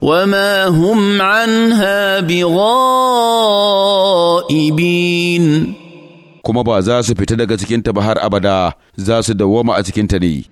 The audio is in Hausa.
وما هم عنها بغائبين kuma ba za su fita daga cikinta ba har abada za su dawwama a cikinta ne